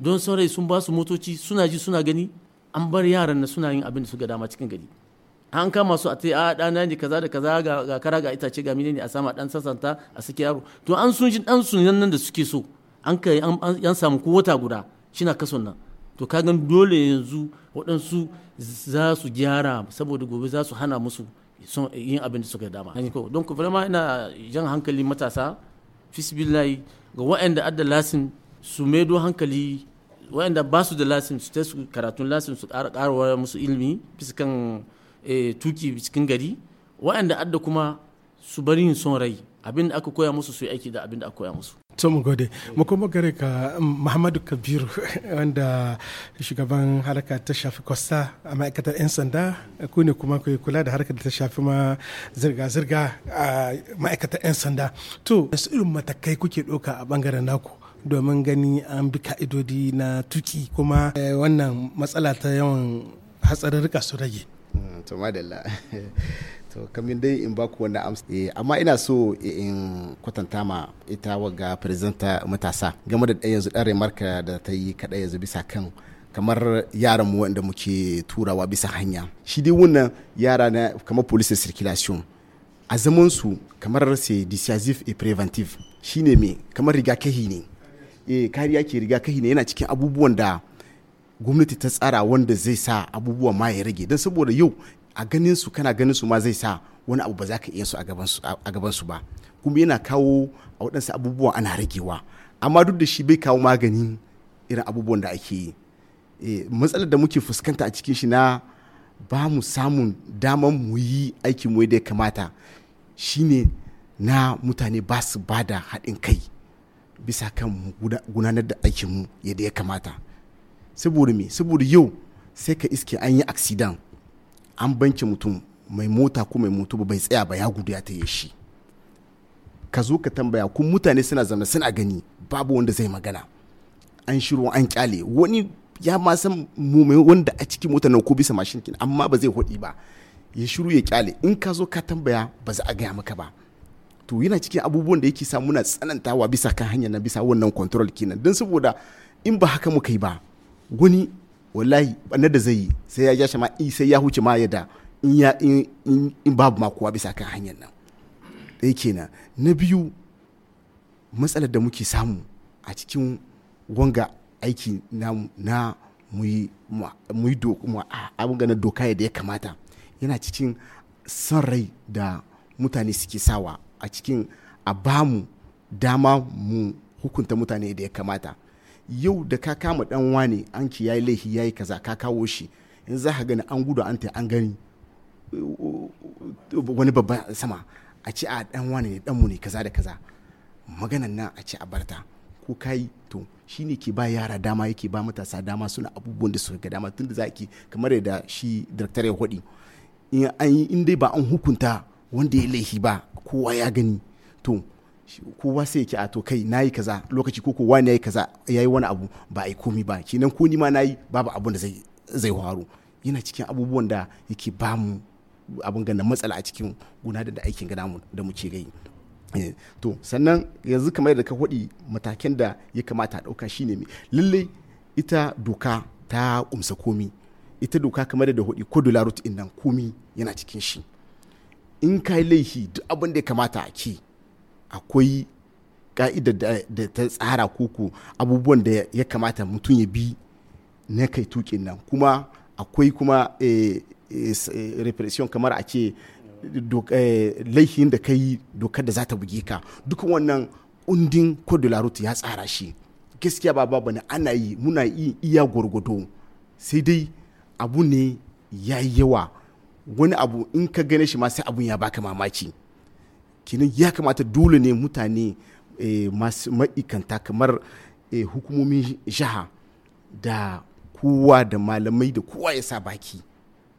don saurayi sun ba su motoci suna ji suna gani an bar yaran na suna yin abin da suka dama cikin gari an kama su a ta a ah, dana ne kaza da kaza ga kara ga itace ga mine ne a sama dan sassanta a saki yaro to an sun ji dan sun nan da suke so an kai an samu ko wata guda shina kaso nan to ka kagan dole yanzu waɗansu za su gyara saboda gobe za su hana musu yin abin da suka dama don ku ina jan hankali matasa fisbillahi ga waɗanda adda su maido hankali waɗanda ba su da lasin su ta su karatun lasin su karawa musu ilimi fiskan eh, tuki cikin gari waɗanda adda kuma su bari yin son rai abin da aka koya musu su yi aiki da abin da aka koya musu to mu gode mu kuma gare ka muhammadu kabiru wanda shugaban harka ta shafi kwasta a ma'aikatar 'yan sanda ku ne kuma ku kula da harkar da ta shafi ma zirga-zirga a ma'aikatar 'yan sanda to su irin matakai kuke doka a bangaren naku domin gani an bi ka'idodi na tuki kuma eh, wannan matsala ta yawan hatsarurruka su rage. Mm, to madalla kamin dai in baku wannan amsa eh, amma ina so in kwatanta ma ita waga presenter matasa game da ɗaya yanzu ɗan remarka da ta yi kaɗai yanzu bisa kan kamar yaran mu wanda muke turawa bisa hanya shi dai wannan yara na kamar police circulation a zaman su kamar c'est dissuasif et préventif shine me kamar rigakahi ne Eh, kariya ke riga kai ne yana cikin abubuwan da gwamnati ta tsara wanda zai sa abubuwa ma ya rage don saboda yau a ganin su kana ganin su ma zai sa wani abu ba za ka iya su a gaban su ba kuma yana kawo a waɗansu abubuwa ana ragewa amma duk da shi bai kawo magani irin abubuwan da ake yi eh, matsalar da muke fuskanta a cikin shi na ba mu samun damar mu yi aikin mu yadda ya kamata shine na mutane ba su ba da haɗin kai bisa kan gudanar da aikinmu yadda ya kamata saboda me saboda yau sai ka iske an yi aksidan an banke mutum mai mota ko mai moto bai tsaya ba ya gudu ya taye shi ka zo ka tambaya kun mutane suna zama suna gani babu wanda zai magana an shiru an kyale wani ya ma san wanda a cikin mota na ko bisa mashin amma ba zai hudi ba ya shiru ya kyale in ka zo ka tambaya ba za a gaya maka ba to yana cikin abubuwan da yake sa muna tsanantawa bisa kan hanyar na bisa wannan control kenan don saboda in ba haka muka yi ba wani wallahi bana da zai yi sai ya ja ma sai ya huce ma yadda in babu ma bisa kan hanyar nan ɗaya kenan na biyu matsalar da muke samu a cikin wanga aiki na muyi abin na doka yadda ya kamata yana cikin son rai da mutane suke sawa a cikin a bamu dama mu hukunta mutane da ya kamata yau da ka kama dan wane an ya yayi laifi yayi kaza ka kawo shi in za ka gani an gudu an ta an gani wani babban sama a ci a dan wane ne danmu ne kaza da kaza maganan nan a ci a barta ko kai to shi shine ke ba yara dama yake ba matasa dama suna abubuwan da suka ga dama tunda za ki kamar da shi director ya hudi in dai ba an hukunta wanda ya laifi ba kowa ya gani to kowa sai yake a to kai na yi kaza lokaci ko kowa ne ya yi kaza ya yi wani abu ba a yi komi ba kenan ko nima na yi babu abun da zai zai faru yana cikin abubuwan da yake ba mu abin gana matsala a cikin gudanar da aikin gana mu da muke gai eh, to sannan yanzu kamar da ka hudi matakin da ya kamata a shi ne lallai ita doka ta umsa komi ita doka kamar da hudi ko dolarut in nan komi yana cikin shi in ka yi laifi duk abin da ya kamata a ce akwai ka'idar da ta tsara koko abubuwan da ya kamata mutum ya bi na kai tukin nan kuma akwai kuma eh, eh, eh, repression kamar a ce laifin da ka yi dokar da za ta buge ka duk wannan undin kodularut ya tsara shi gaskiya ba babu ne ana yi muna iya gwargwado sai dai abu ne ya yi yawa wani abu in ka gane shi ma sai abun ya baka mamaki kenan ya kamata dole ne mutane eh, masu ma'ikanta kamar eh, hukumomin jiha da kowa da malamai da kowa ya sa baki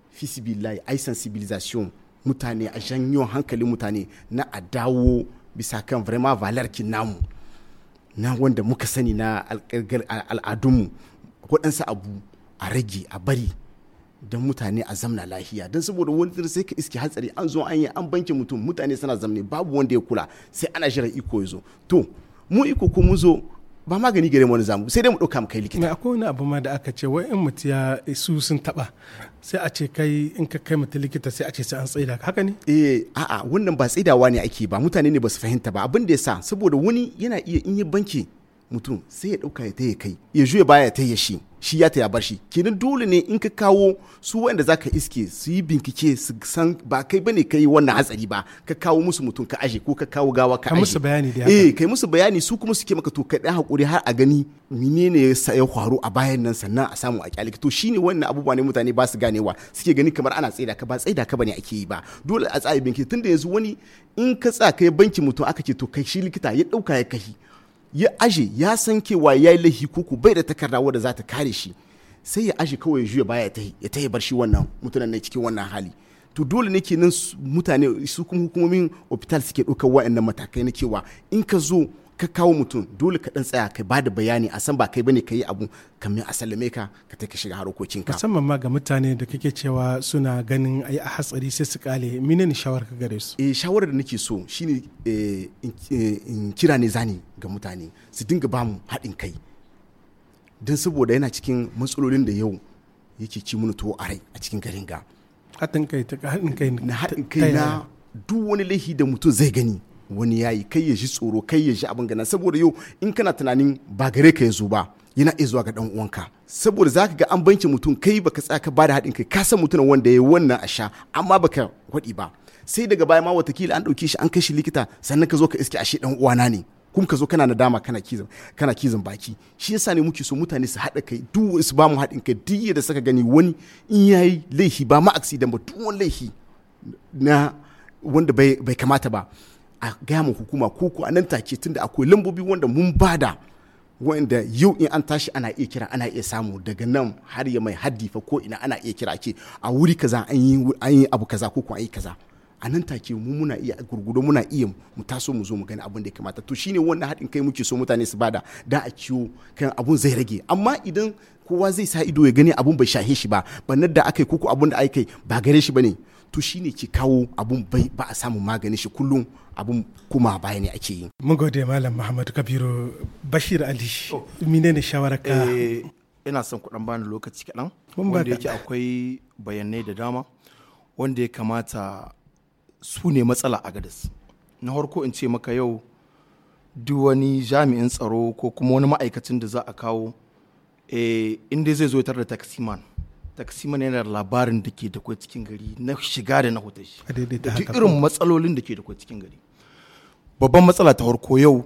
fisibilai ai sensibilisation mutane a janyo hankalin mutane na a dawo bisa kan vraiment namu na wanda muka sani na al'adunmu waɗansa abu a rage a bari don mutane a zamna lahiya don saboda wani sai ka iske hatsari an zo an yi an banke mutum mutane suna zamne babu wanda ya kula sai ana shirin iko ya zo to mu iko ko mu zo ba magani gare wani zamu sai dai mu ɗauka mu kai likita. akwai wani abu ma da aka ce wai in mutu ya su sun taɓa sai a ce kai in ka kai mutu likita sai a ce sai an tsaida haka ne. eh a'a wannan ba tsaidawa ne ake ba mutane ne ba su fahimta ba abin da ya sa saboda wani yana iya in yi banki mutum sai ya ɗauka ya taya kai ya juya baya ya shi shi ya ta ya bar shi kenan dole ne in ka kawo su wanda za ka iske su yi bincike su san ba kai bane kai wannan hatsari ba ka kawo musu mutum ka aje ko ka kawo gawa ka aje musu bayani da eh kai musu bayani su kuma suke maka to ka dan hakuri har a gani menene ya ya faru a bayan nan sannan a samu a kyalike to shine wannan abubuwa ne mutane ba su ganewa suke gani kamar ana tsaida ka ba tsaida ka bane ake yi ba dole a tsaye bincike tunda yanzu wani in ka tsaka kai banki mutum aka ce to kai shi likita ya dauka ya kai. ya aje ya san kewa ya yi laifi bai da takarda wadda za ta kare shi sai ya aje kawai ya juya baya ya tahi ya tahi bar shi wannan mutanen na cikin wannan hali to dole ne kenan mutane su kuma hukumomin hospital suke ɗaukar wa'annan matakai na cewa in ka zo ka kawo mutum dole ka dan tsaya ka ba da bayani a san ba kai bane ka yi abu kamar a sallame ka ka ta shiga harkokin ka musamman ma ga mutane da kake cewa suna ganin ai a hatsari sai su kale ne shawara ka gare su eh shawarar da nake so shine eh, eh, in kira ne zani ga mutane su dinga ba mu haɗin kai don saboda yana cikin matsalolin da yau yake ci mun tuwo a rai a cikin garin ga haɗin kai ta haɗin kai na haɗin kai na duk wani laifi da mutum zai gani wani ya yayi kai ya ji tsoro kai ya ji abin gana saboda yau in kana tunanin ba gare ka ya zo ba yana iya zuwa ga dan uwanka saboda zaka ga an banci mutum kai baka tsaya ka bada haɗin kai ka san mutum wanda ya wannan a sha amma baka kwaɗi ba sai daga baya ma watakila an ɗauki shi an kai shi likita sannan ka zo ka iske ashe dan uwana ne kuma ka zo kana nadama kana kizan kana kizan baki shi yasa ne muke so mutane su haɗa kai duk su ba mu haɗin kai duk da saka gani wani in yayi laifi ba ma accident ba duk wani laifi na wanda bai kamata ba a gaya ma hukuma ko ko a nan take tunda akwai lambobi wanda mun bada wanda yau in an tashi ana iya kira ana iya samu daga nan har ya mai haddi fa ko ina ana iya kira ce a wuri kaza an yi an yi abu kaza ko ko an yi kaza a nan take mu muna iya gurgudo muna iya mu taso mu zo mu gani abin da ya kamata to shine wannan haɗin kai muke so mutane su bada da a ciwo kan abun zai rage amma idan kowa zai sa ido ya gani abun bai shahe shi ba bannar da aka yi koko abun da aka yi ba gare shi bane to shine ki kawo abun bai ba a samu maganin shi kullum abin kuma baya ne ake yi. Mun gode Malam Muhammadu Kabiru Bashir Ali. Mine ne shawararka? Eh, ina son kuɗan bani lokaci kaɗan. Wanda yake akwai bayanai da dama wanda ya kamata su ne matsala a gadas. Na harko in ce maka yau duk wani jami'in tsaro ko kuma wani ma'aikacin da za a kawo eh, in zai zo tar da taksiman. taksiman yana da labarin da ke da cikin gari na shiga da na hotar shi. Duk irin matsalolin da ke da cikin gari. babban matsala ta harko yau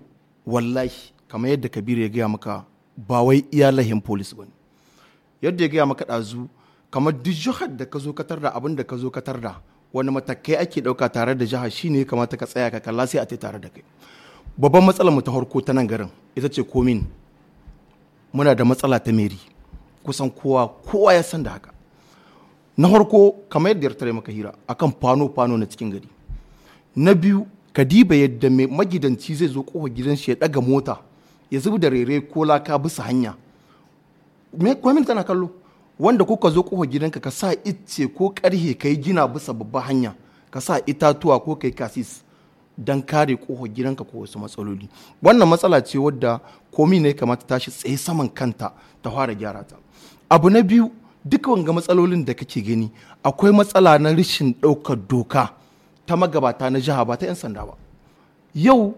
wallahi kamar yadda kabiru ya gaya maka ba wai iya lahin polis ba ne yadda ya gaya maka ɗazu kamar duk jihar da ka zo ka da abin da ka zo ka da wani matakai ake ɗauka tare da jihar shine ya kamata ka tsaya ka kalla sai a ta tare da kai babban matsalar mu ta harko ta nan garin ita ce komin muna da matsala ta meri kusan kowa kowa ya san da haka na harko kamar yadda ya maka hira akan fano fano na cikin gari na biyu Kadiba diba yadda mai magidanci zai zo kofar gidan shi ya ɗaga mota ya zubi da rere ko laka bisa hanya Kwami tana kallo wanda kuka zo kofar gidanka ka sa itce ko karhe ka yi gina bisa babba hanya ka sa itatuwa ko kai kasis don kare kofar gidanka ko wasu matsaloli wannan matsala ce wadda komi ne kamata tashi tsaye saman kanta ta fara gyara ta abu na biyu duka wanga matsalolin da kake gani akwai matsala na rashin ɗaukar doka ta magabata na jiha ba ta 'yan sanda ba yau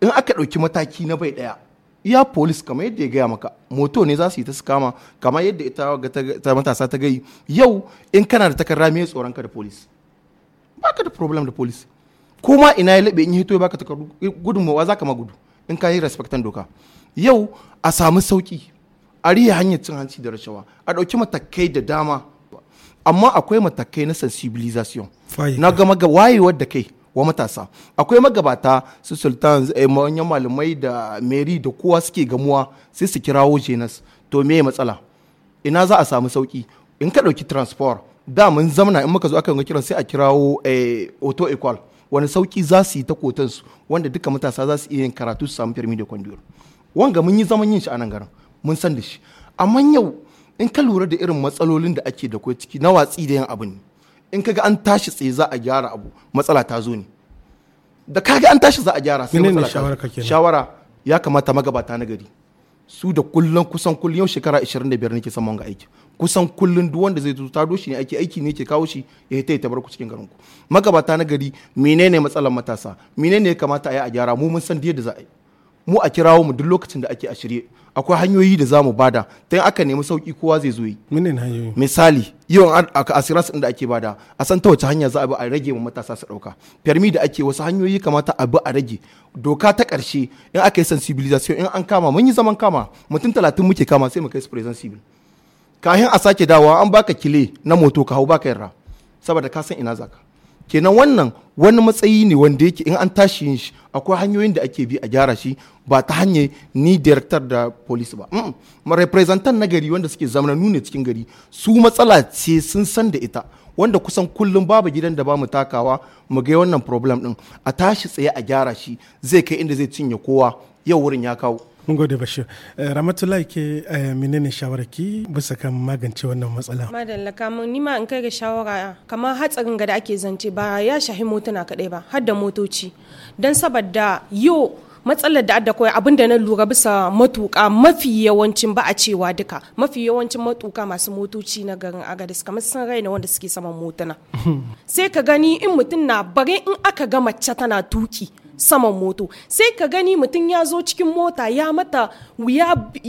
in aka ɗauki mataki na bai ɗaya iya polis kamar yadda ya gaya maka moto ne za su yi ta kama yadda ita ta matasa ta gai yau in kana da takarda me tsoron ka da polis ba ka da problem da polis ko ma ina ya laɓe in hito ya ka takardu mawa za ka ma gudu in ka yi respectan doka yau a samu sauki a riya hanyar cin hanci da rashawa a ɗauki matakai da dama amma akwai matakai na sensibilisation na gama ga wayewar da kai wa matasa akwai magabata su sultan eh, manyan malamai da meri da kowa suke gamuwa sai su kirawo jenas to me matsala ina za a samu sauki in ka ɗauki transport da mun zamana in muka zo aka kiran sai a kirawo eh, auto equal wani sauki za su yi ta kotansu wanda duka matasa za su iya yin karatu su samu firmi da kwandiyar wanga mun yi zaman yin shi a nan garin mun san da shi amma yau in ka lura da irin matsalolin da ake da kai ciki na watsi da yin abu ne in kaga an tashi tsaye za a gyara abu matsala ta zo ne da kaga an tashi za a gyara sai matsala ta shawara ya kamata magabata na gari su da kullun kusan kullun yau shekara 25 nake saman ga aiki kusan kullun duk wanda zai ta doshi ne aiki aiki ne ke kawo shi ya ta ta bar ku cikin garin ku magabata na gari menene matsalar matasa menene ya kamata a yi a gyara mu mun san da za a yi mu a kirawo mu duk lokacin da ake a shirye akwai hanyoyi da za mu bada ta aka nemi sauki kowa zai zo yi misali yawan asiras da ake bada a san ta wace hanya za a bi a rage mu matasa su dauka fermi da ake wasu hanyoyi kamata a bi a rage doka ta karshe in aka yi sensibilization in an kama mun yi zaman kama mutum talatin muke kama sai mu kai su prison civil kahin a sake dawa an baka kile na moto ka hau baka yarra saboda ka san ina zaka kenan wannan wani matsayi ne wanda yake in an tashi yin shi akwai hanyoyin da ake bi a gyara shi ba ta hanyar ni director da police ba ma representant na gari wanda suke zamana nune cikin gari su matsala ce sun san da ita wanda kusan kullum babu gidan da bamu takawa mu ga wannan problem din a tashi tsaye a gyara shi zai kai inda zai cinye kowa yau wurin ya kawo mun gode bashir eh, ramatullahi ke eh, menene shawararki bisa kan magance wannan matsala madalla kamun ni ma in kai ga shawara kamar hatsarin ga da ake zance ba ya shahi motuna kadai ba har da motoci dan saboda yo matsalar da adda abun abinda na lura bisa matuka mafi yawancin ba a cewa duka mafi yawancin matuka masu motoci na garin agadis kamar sun raina wanda suke saman motuna sai ka gani in mutum na bare in aka ga mace tana tuki saman moto sai ka gani mutum ya zo cikin mota ya mata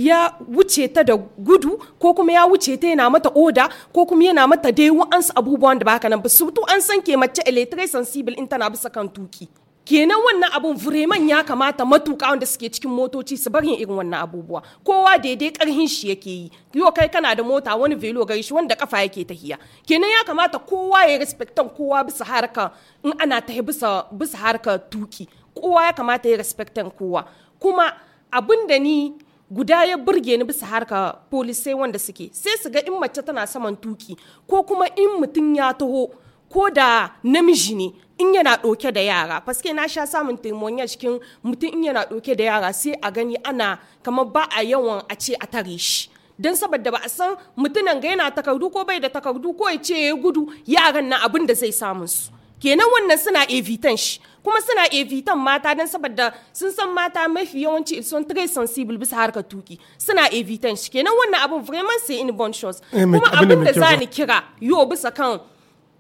ya wuce ta da gudu ko kuma ya wuce ta yana mata oda ko kuma yana mata dai wa'ansu abubuwan da baka nan ba surtu an san ke mace electric sensible in tana bisa kan tuki kenan wannan abun fureman ya kamata matuka wanda suke cikin motoci su bar yin irin wannan abubuwa kowa daidai karhin shi yake yi yo kai kana da mota wani velo gari shi wanda kafa yake tahiya kenan ya kamata kowa ya respectan kowa bisa harka in ana tahi bisa bisa harka tuki kowa ya kamata ya respectan kowa kuma abin da ni guda ya burge ni bisa harka polisai wanda suke sai su ga in mace tana saman tuki ko kuma in mutum ya taho ko da namiji ne in yana ɗauke da yara paske na sha samun taimoniya cikin mutum in yana ɗauke da yara sai a gani ana kamar ba a yawan a ce a tare shi don saboda ba a san mutumin ga yana takardu ko bai da takardu ko ya ce ya gudu yaran na abin da zai samun su kenan wannan suna evitan shi kuma suna evitan mata don saboda sun san mata mafi yawanci sun très sensible bisa harkar tuki suna evitan shi kenan wannan abin vraiment c'est une bonne chose eh, kuma abin da za ni kira yo bisa kan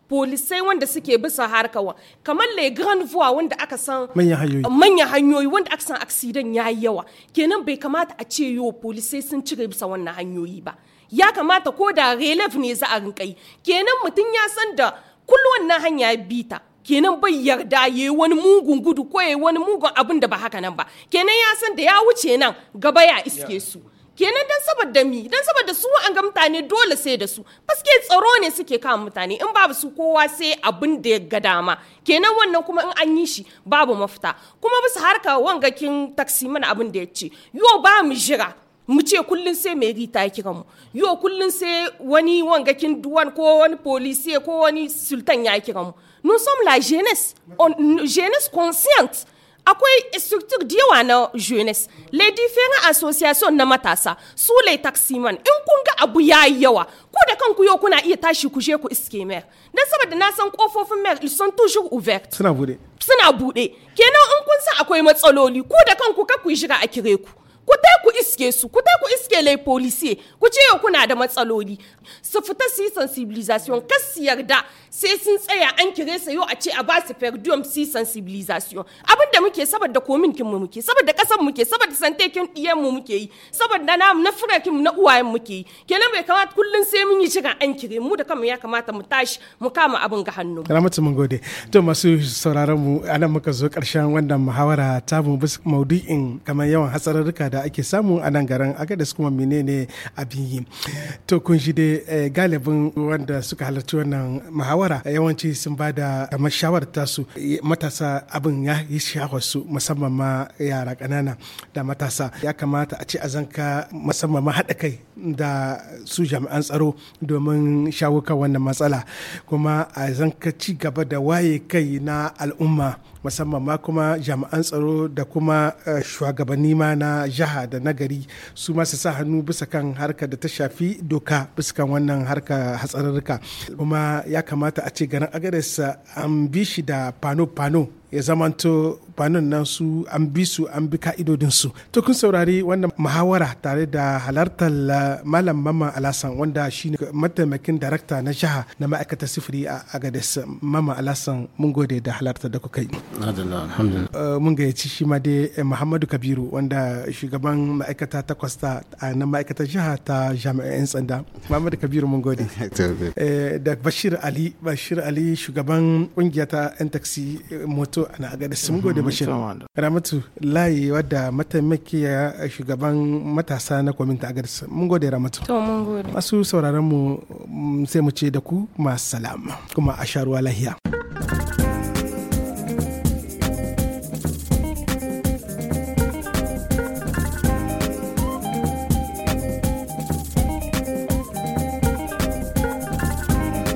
polisai wanda suke bisa harkawa kamar le grand voie wanda aka san manyan hanyoyi wanda aka san accident yayi yawa kenan bai kamata a ce yo polisai sun cire bisa wannan hanyoyi ba ya kamata ko da relief ne za a rinka yi kenan mutum ya san da kullum wannan hanya bita kenan bai yarda ya yi wani mugun gudu ko ya yi wani mugun abin da ba haka nan ba kenan ya san da ya wuce nan gaba ya iske su kenan dan saboda mi dan saboda su an ga mutane dole sai da su paske tsaro ne suke kama mutane in babu su kowa sai abin da ya ga dama kenan wannan kuma in an yi shi babu mafita kuma bisa harka kin taksi mana abin da ya ce yo ba mu jira mu ce kullum sai mai rita kira mu yo kullum sai wani wangakin duwan ko wani policier ko wani sultan ya kira mu nous sommes la jeunesse on, jeunesse consciente akwai structure da yawa na jeunesse les différents associations na matasa su les taximan in kun ga abu yayi yawa ku da kanku yau kuna iya tashi ku je ku iske mayor dan saboda na san kofofin mer ils sont toujours ouvertes suna bude suna bude kenan in kun san akwai matsaloli ko da kanku ka ku shiga a kire ku ku ku iske su ku ku iske lai polisiye ku ce yau kuna da matsaloli su fita su yi sensibilisation kas su yarda sai sun tsaya an kire sa yau a ce a ba su perdium su yi sensibilisation abin da muke saboda kin mu muke saboda kasan muke saboda kin diyan mu muke yi saboda na na kin na uwayen muke yi kenan bai kamata kullun sai mun yi shiga an kire mu da kanmu ya kamata mu tashi mu kama abin ga hannu karamatu mun gode to masu sauraron mu anan muka zo karshen wannan muhawara ta mu bisa maudu'in kamar yawan hasararruka da ake samu a nan garin agadas kuma menene abin yi to kun shi da eh, galibin wanda suka halarci wannan muhawara eh, yawanci sun ba da mashawar tasu eh, matasa abin ya yi su musamman ma yara ƙanana da matasa ya kamata a ce a zanka musamman ma haɗa kai da su jami'an tsaro domin shawo kan wannan matsala kuma a zanka ci gaba da waye kai na al'umma musamman ma kuma jami'an tsaro da kuma eh, shugabanni ma na jiha da nagari su ma su sa hannu bisa kan harka da ta shafi doka bisa kan wannan harka hatsararruka kuma ya kamata a ce garin agares eh, an bi shi da fano-fano ya zamanto banin nan su an bi su an bi ka'idodinsu to kun saurari wannan muhawara tare da halartar malam mama alasan wanda shine mataimakin darakta na jiha na ma'aikatar sifiri a agadis mama alasan mun gode da halarta da kuka yi eh, mun gayyaci shi ma dai eh, muhammadu kabiru wanda shugaban ma'aikata takwas ta na ma'aikatar jiha ta jami'an tsanda muhammadu kabiru mun gode eh, da bashir ali bashir ali shugaban kungiya ta yan taxi moto ana a Nagada sun gode Bashir. Ramatu layi wadda mataimakiya shugaban matasa na kwaminta a Gadis. Mun gode Ramatu. To mun gode. Masu sauraron mu mm, sai mu ce da ku ma salama kuma a sha ruwa lahiya.